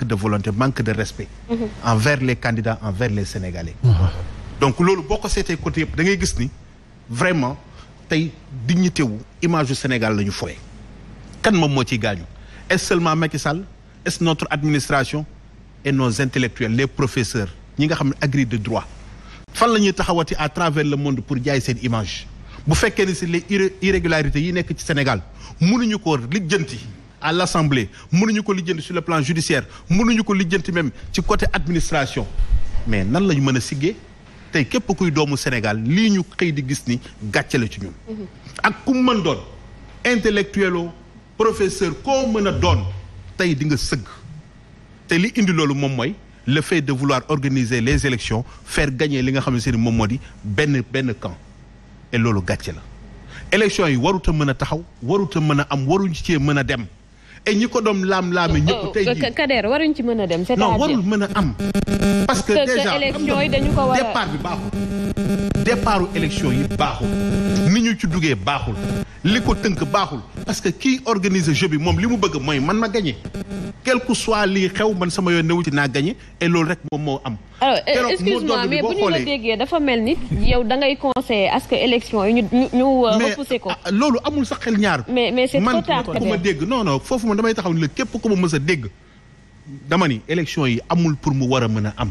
manque de volonté manque de respect mhm. envers les candidats envers les sénégalais mhm. donc loolu boo ko seetee côté yëpp da ngay gis ni vraiment tey dignité image u Sénégal la ñu fooye moom moo ci gaañu est-ce seulement Macky Sall est-ce notre administration et nos intellectuels les professeurs ñi nga xam ne agri de droit fan la ñuy taxawati à travers le monde pour jaay seen image bu fekkee ni si les irrégularités yi nekk ci Sénégal mënuñu ko lijjanti à l'Assemblée mënuñu ko lijjanti sur le plan judiciaire mënuñu ko lijjanti même ci côté administration mais nan la ñu mën a siggee tey képp kuy doomu Sénégal lii ñu xëy di gis ni gàcce la ci ñun. ak ku mën doon intellectuel o professeur koo mën a doon tey di nga sëgg te li indi loolu moom mooy le fait de vouloir organiser les élections fair gañee li nga xamante ni moom moo di benn benn camp et loolu gàcce la élection yi warut a mën a taxaw warut a mën a am waruñu cee mën a dem. et ñi ko doom laam-laame ñëpp oh, tey oh, jii Kader waruñ ci mën a dem non warul mën a am parce que déjà élection yi dañu ko war a départ bi baaxul départu élection yi baaxul ni ñu ci duggee baaxul li ko tënk baaxul parce que kii organiser bi moom li mu bëgg mooy man ma gagné quel que soit lii xew man sama yoon newu ci naa gagné et loolu rek moom moo am. alors euh, excuse-moi mais bu dafa mel ni yow da ngay conseiller à que élection yi ñu ñu euh, repousser ko. Ah, loolu amul sax xel ñaar. mais mais c'est trop tard man ku ma dégg non foofu man damay taxaw ni la képp ku ma mës a dégg dama ni élection yi amul pour mu war a mën a am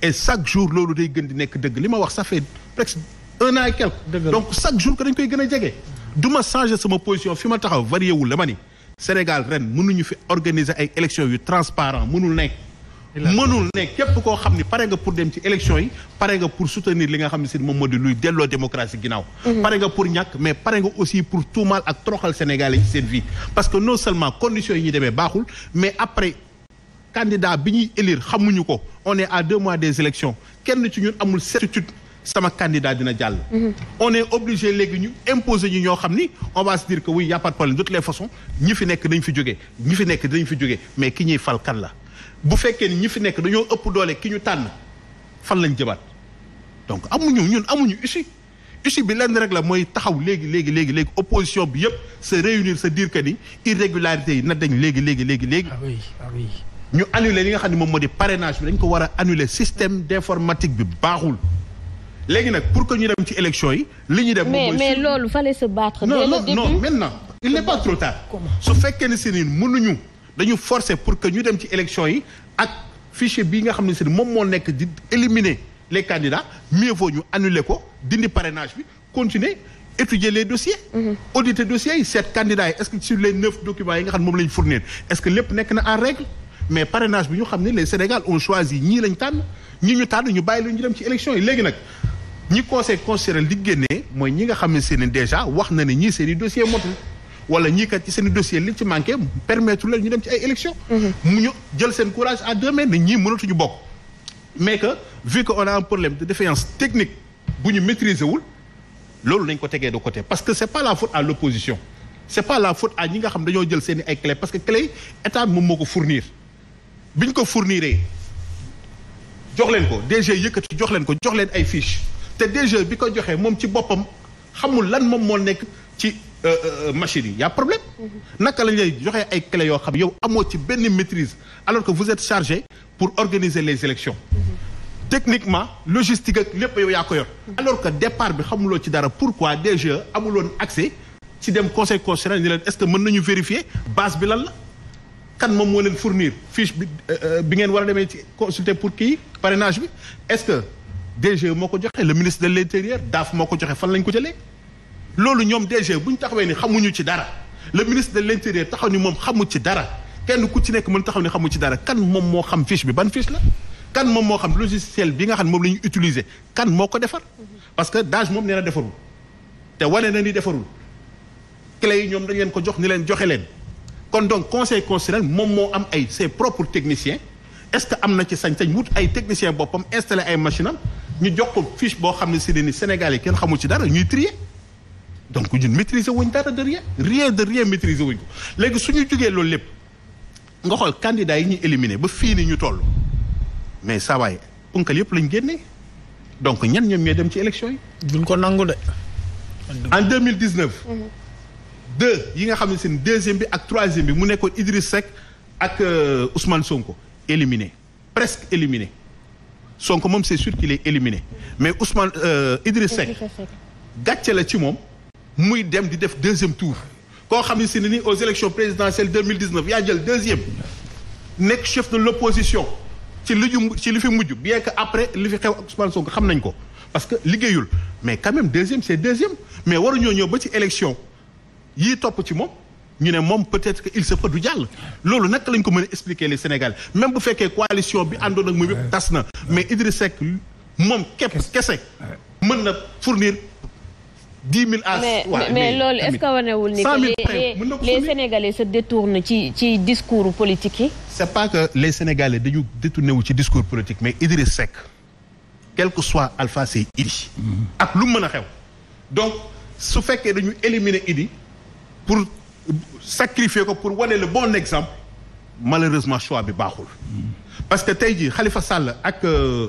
et chaque jour loolu day gën di nekk dëgg li ma wax ça fait presque un an et quelque donc chaque jour que dañ koy gën a jege. du ma changer sama position fi ma taxaw varié wul la ma ni Sénégal ren mënuñu fi organiser ay élections yu transparent mënul nekk. mënul ne képp koo xam ni pare nga pour dem ci élection yi pare nga pour soutenir li nga xam ne si moom moo di luy delloo démocratie ginnaaw mhm. pare nga pour ñàkk mais pare nga aussi pour tuumaal ak toroxal sénégalais ci seen vie parce que non seulement conditions yi ñu demee baaxul mais après candidat bi ñuy élire xamuñu ko on est à deux mois des élections kenn ci ñun amul certitude sama candidat dina jàll. Mhm. on obligé léegi ñu imposé ñu ñoo xam ni on va se dire yàppat oui y' a façon de ñi fi nekk dañu fi jógee ñi fi nekk dañ fi jógee mais ki ñuy fal la bu fekkee ni ñi fi nekk dañoo ëpp doole ki ñu tànn fan lañ jëbaat donc amuñu ñun amuñu issue issue bi lenn rek la mooy taxaw léegi léegi léegi léegi opposition bi yëpp se réunir se dire que ni irrégularité yi na dañ léegi léegi léegi léegi. Ah ah ñu annuler li nga xam ne moom moo di parrainage bi dañ ko war a annuler système d'informatique bi baaxul. léegi nag pour que ñu dem ci élection yi li ñu def. mais mais loolu fallait se battre. non non non maintenant il n'est pas trop tard. su fekkee ne si ni mënuñu dañu forcer pour que ñu dem ci élection yi ak fichier bii nga xam ne si moom moo nekk di éliminer les candidats mieux vaut ñu annuler ko dindi parrainage bi continuer étudier le dossiers. Mm-hmm. auditer dossiers yi seet candidats yi est-ce que sur les neuf documents yi nga xam ne moom la ñu est-ce que lépp nekk na en règle. mais bi ñu xam ne les Sénégal ont choisi ñii lañ tànn ñi ñu tànn ñu bàyyi la dem ci élection yi léegi nag. ñi conseil constitutionnel di génnee mooy ñi nga xam ne seen déjà wax na ne ñii seen i dossier moto wala ñii kat ci seen i dossier li ci manqué permettre leen ñu dem ci ay élection mhm. mu ñu jël seen courage à deux mains ne ñii mënatuñu bokk mais que vu que on a un problème de défaillance technique bu ñu maîtriser wul loolu nañ ko tegee de côté parce que c'est pas la faute à l'opposition c'est pas la faute à ñi nga xam dañoo jël seen i ay clé parce que clé yi état moom moo ko fournir bi ñu ko fourniree jox leen ko DG yëkkati jox leen ko jox leen ay fiche te DG bi ko joxee moom ci boppam xamul lan moom moo nekk ci euh, euh, machine yi y' a problème. Mm-hmm. naka lañ lay joxee ay clé yoo xam yow amoo ci benn maîtrise alors que vous êtes chargé pour organiser les élections. Mm-hmm. techniquement logistique ak lépp yow yaa ko yor. Mm-hmm. alors que départ bi xamuloo ci dara pourquoi DG amuloon accès ci dem conseil constitutionnel ni leen est ce que mën nañu vérifier base bi lan la. kan moom moo leen fournir fiche bi euh, bi ngeen war a demee ci consulter pour kii parrainage bi est ce que. DG moo ko joxee le ministre de l'intérieur daaf moo ko joxe fan lañ ko jëlee loolu ñoom DG bu ñu taxawee ni xamuñu ci dara le ministre de l'intérieur taxaw ni moom xamu ci dara kenn ku ci nekk mën taxaw ni xamu ci dara kan moom moo xam fiche bi ban fiche la kan moom moo xam logiciel bi nga xam moom la ñu kan moo ko defar parce que DAGE moom nee na defarul te wane na ni defarul clé yi ñoom dañ leen ko jox ni leen joxe leen kon donc conseil constitutionnel moom moo am ay ses propres techniciens est-ce que am na ci sañ-sañ ay techniciens boppam installé ay machine am ñu jox ko fiche boo xam ne si ne ni Sénégal yi kenn xamul ci dara ñuy trier donc ñun maîtriser wuñ dara de rien rien de rien maîtriser wuñ ko léegi suñu jugee loolu lépp nga xool candidat yi ñu éliminer ba fii ni ñu toll mais saa waay unkal yëpp lañ génne donc ñan ñoom ñooy dem ci élection yi. duñ ko nangu de. en deux mille dix neuf. deux yi nga xam ne ni deuxième bi ak troisième bi mu nekkoon Idriss Seck ak euh, Ousmane Sonko éliminer presque éliminer Sonko moom c'est sûr qu'il est éliminé mais Ousmane euh, Idriss Seck gàcce la ci moom muy dem di def deuxième tour koo xam ne si ne ni aux élections présidentielles 2019 yaa jël deuxième nekk chef de l'opposition ci li ñu ci li fi mujj bien que après li fi xew ak Ousmane Sonko xam nañ ko parce que liggéeyul mais quand même deuxième c'est deuxième mais waruñoo ñëw ba ci élection yi topp ci moom ñu ne moom peut-être que il se peut du jàll loolu naka lañ ko mën a expliquer les Sénégalais même bu fekkee bi àndoon ak moom yëpp na mais Idriss Seck moom képp kese mën na fournir dix mille as. mais mais loolu est-ce que wanewul ni que les sénégalais se détournent ci ci discours politique yi. c'est pas que les sénégalais dañu détourné wu ci discours politique mais Idriss Seck quel que soit Alpha c'est Idi. Mm-hmm. ak lu mën a xew. donc su fekkee dañu éliminer Idi pour sacrifier ko pour wane le bon exemple malheureusement choix bi baaxul. Mm-hmm. parce que tey jii Khalifa Sall ak euh,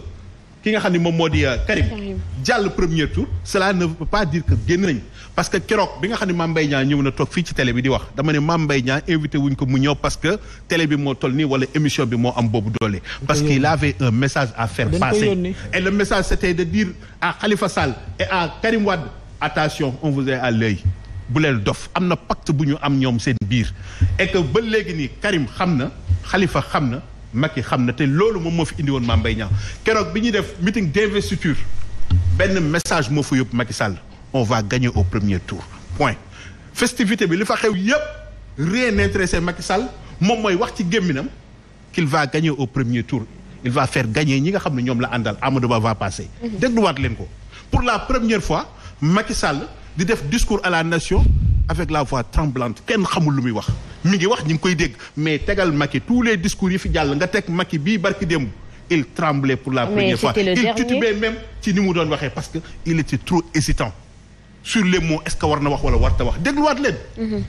ki nga xam ni moom moo di euh, Karim jàll premier tour cela ne veut pas dire que génn nañ parce que keroog bi nga xam ne Mame mbay Niang ñëw na toog fii ci télé bi di wax dama ne Mame Mbaye Niang invité wuñ ko mu ñëw parce que télé bi moo toll nii wala émission bi moo am boobu doole parce qu'il avait un message à faire passer et le message c'était de dire à Khalifa Sall et à Karim Wade attention on vous à l'œil bu leen dof am na pacte bu ñu am ñoom seen biir et ba léegi nii Karim xam na Khalifa xam na Macky xam na te loolu moom moo fi indiwoon woon Mame Mbaye keroog bi ñuy def meeting d'investiture benn message moo fa yóbbu Macky Sall on va gagner au premier tour point festivité bi li fa xew yépp rien n'intéressait Macky Sall moom mooy wax ci gémminam qu'il va gagner au premier tour il va faire gagner ñi nga xam ne ñoom la àndal Amadou Ba va passer mhm. dégluwaat leen ko pour la première fois Macky Sall di def discours à la nation avec la voix tremblante kenn xamul lu muy wax mu ngi wax ñu ngi koy dégg mais tegal Macky tous les discours yi fi jàll nga teg Macky bii barki démb il tremblait pour la première fois il titubait même ci ni mu doon waxee parce que il était trop hésitant sur les mots est-ce que war na wax wala warta wax dégluwaat leen mhm.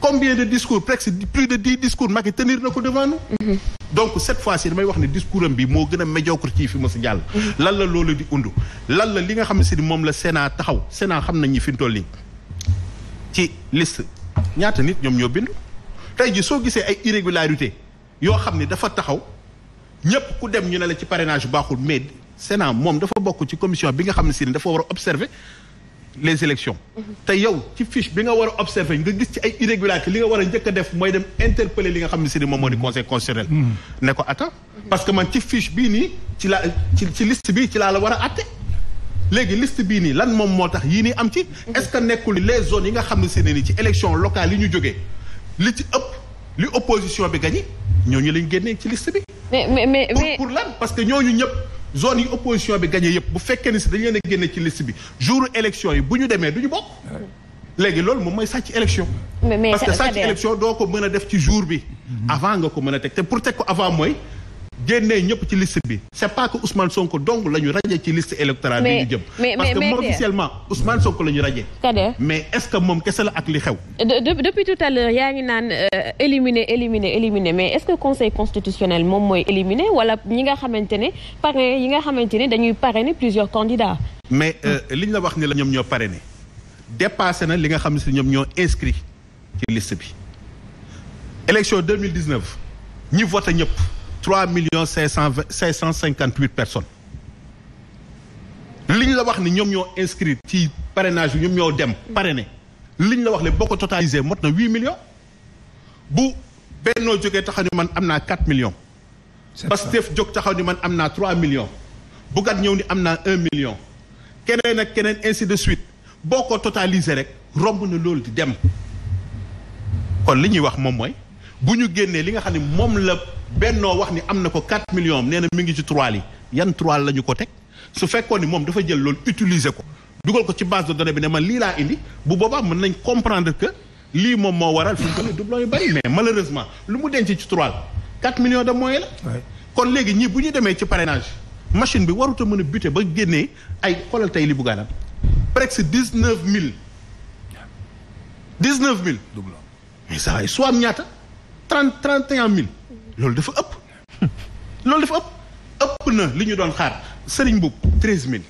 combien de discours presque plus de dix discours Macky tenir na ko devant nous mm -hmm. donc cette fois-ci damay wax ne discours am bi moo gën a médiocre ci fi mos a jàll mhm. lan la loolu di undu lan la li nga xam ne si moom la Sénat taxaw Sénat xam nañu fi mu toll nii ci liste ñaata nit ñoom ñoo bindu tey ji soo gisee ay irrégularité yoo xam ne dafa taxaw ñëpp ku dem ñu ne la ci parrainage baaxul mais Sénat moom dafa bokk ci commission bi nga xam ne si dafa war a observer les élections te yow ci fiche bi nga war a observer nga gis ci ay irrégularité li nga war a njëkk def mooy dem interpeller li nga xam ne si ni moom moo di conseil constitutionnel mm. ne ko atta parce que man ci fiche bii nii ci la ci ci bi ci laa la war a atte léegi list bii nii lan moom moo tax yii ni am ci. est-ce que nekkul les zone yi nga xam ne si ne nii ci élection locale yi ñu jógee li ci ëpp li opposition bi ñoo ñu lañ génnee ci list bi. mais mais pour lan parce que ñooñu ñëpp zone yi opposition bi gagné yëpp bu fekkee ni si dañu leen a génne ci list bi jour élection yi bu ñu demee du ñu bokk. léegi loolu moom mooy sàcc élection. parce que sàcc élection doo ko mën a def ci jour bi. Mm-hmm. avant nga ko mën a teg pour teg ko avant mooy. génnee ñëpp ci liste bi c' est pas que Ousmane Sonko dong la ñu rajee ci liste électorale bi jëm parce que la ñu rajee mais est ce que moom kese la ak li xew depuis tout à l'heure yaa ngi naan euh, éliminer éliminer éliminer mais est ce que conseil constitutionnel moom mooy éliminer wala ñi nga xamante ne parrain yi nga xamante ne dañuy parrainer plusieurs candidats mais euh, li ñu la wax ni la ñoom ñoo parrainé dépassé na li nga xam ne si ñoom ñoo inscrit ci list bi élection 2019 ñi voté ñëpp 3 millions cinq cent vingt cinq cent cinquante huit personnes liñ la wax ni ñoom ñoo inscrit ci parrainage bi ñoom ñoo dem parrainé liñ la wax ne boo ko totalisé mot na huit millions bu bennoo jógee taxaw ni man am naa quatre millions Pastef jóg taxaw ni man am naa trois millions Bougane ñëw ni am naa un million keneen ak keneen ainsi de suite boo ko totalisé rek romb na loolu di dem kon li ñuy wax moom mooy bu ñu génnee li nga xam ne moom la bennoo wax ni am na ko 4 million nee na mi ngi ci trois li yan trois la ñu ko teg su fekkoon ni moom dafa jël loolu utiliser ko dugal ko ci base de données bi ne man lii laa indi bu boobaa mën nañ comprendre que lii moom moo waral fi mu ko ne doublon lu mu denc ci trois la 4 millions de moyens la kon léegi ñii bu ñu demee ci parrainage machine bi waruta mën a buté ba génnee ay xoolal tey li buggaanam presque dix neuf mille dix neuf mille doublon mais ça ñaata trente trente et un loolu dafa ëpp loolu dafa ëpp ëpp na li ñu doon xaar sëriñ boobu treize mille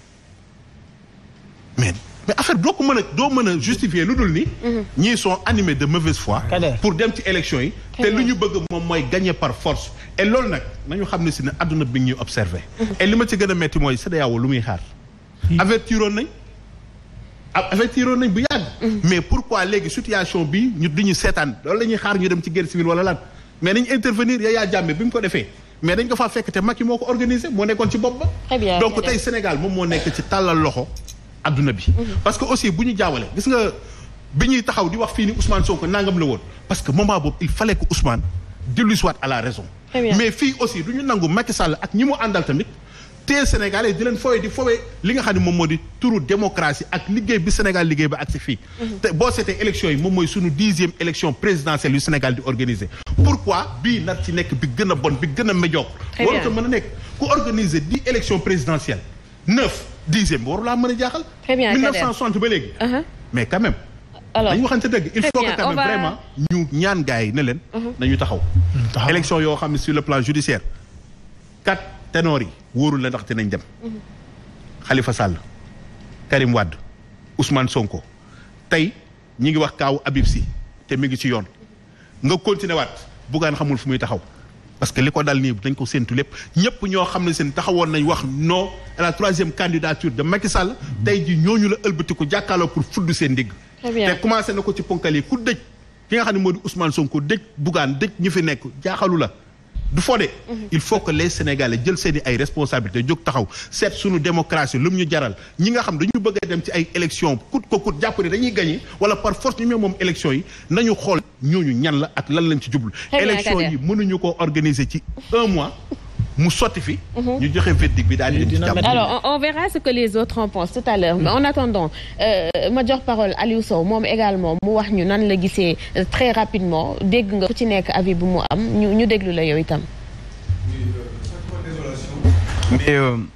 mais mais affaire doo mën a doo mën a justifier lu dul ni mhm. ñii sont animés de mauvaise foi pour dem ci élection yi te lu ñu bëgg moom mooy gañe par force et loolu nag nañu xam ne si ne àdduna bi ñuy observé mhm. et li ma ci gën a metti mooy CEDEAO lu muy xaar avertiroon nañ ah, avertiroon nañ bu yàgg mhm. mais pourquoi léegi situation bi ñu duñu seetaan loolu la xaar ñu dem ci guerre civile wala lan mais nañ intervenir Yaya Jammeh bi mu ko defee mais dañ ko faa fekk te Macky moo ko organisé moo nekkoon ci bopp ba. donc tey Sénégal moom moo nekk ci tàllal loxo adduna bi. Mhm. parce que aussi bu ñu jaawale gis nga bi ñuy taxaw di wax fii ni Ousmane ko nangam la woon parce que moment boobu il fallait que Ousmane dellu si waat à la raison. mais fii aussi du ñu nangu Macky Sall ak ñi mu àndal tamit. tée Sénégal yi di leen fooyee di foowee li nga xam ne moom moo di turu démocratie ak liggéey bi Sénégal liggéey ba ak si fii mhm. te boo seetee élection yi moom mooy suñu dixième élection présidentielle yu Sénégal di organiser pourquoi bii nar ci nekk bi gën a bon bi gën a médiocre warut a mën a nekk ku organiser dix élections présidentielles neuf dixième bi waru laa mën a jaaxal mille neuf ba léegi uh-huh. mais quand même alors dañu waxante dëgg il faut que quand même vraiment ñu ñaan gars yi ne leen uh-huh. nañu taxaw élection yoo xam ne sur le plan judiciaire ténor yi wóorul la ndax nañ dem. xalifa mhm. sàll Karim wàdd usmaan Sonko tey ñi ngi wax kaawu Habib Sy te mi ngi ci yoon nga continué waat buggaan xamul fu muy taxaw. parce que li ko dal nii dañ ko séntu lépp ñëpp ñoo xam ne seen taxawoon nañ wax noo à la troisième candidature de Macky Sall. tey ji ñooñu la ëlbatiku jàkkaarloo pour fudd seen digg te commencé na ko ci ponkal yi ku dëj ki nga xam ne moo di Ousmane Sonko dëj Bougane dëj ñu fi nekk jaaxalu la. du fodé mhm. il faut que les sénégalais jël seeni i ay responsabilités jóg taxaw seet suñu démocratie lu mu ñu jaral ñi nga xam dañu bëgg a dem ci ay élection kut ko kut jàpp ne dañuy gagné wala par force ñu moom élection yi nañu xool ñooñu ñan la ak lan lañ ci jublu élection yi mënuñu ko organiser ci un mois mu sotti fi. ñu joxe verdict bi daal di alors on, verra ce que les autres en pensent tout à l'heure en attendant euh, ma jox parole Aliou Sow moom également mu wax ñu nan la gisee euh, très rapidement dégg nga ku ci nekk avis bu mu am ñu ñu déglu la yow itam. Euh,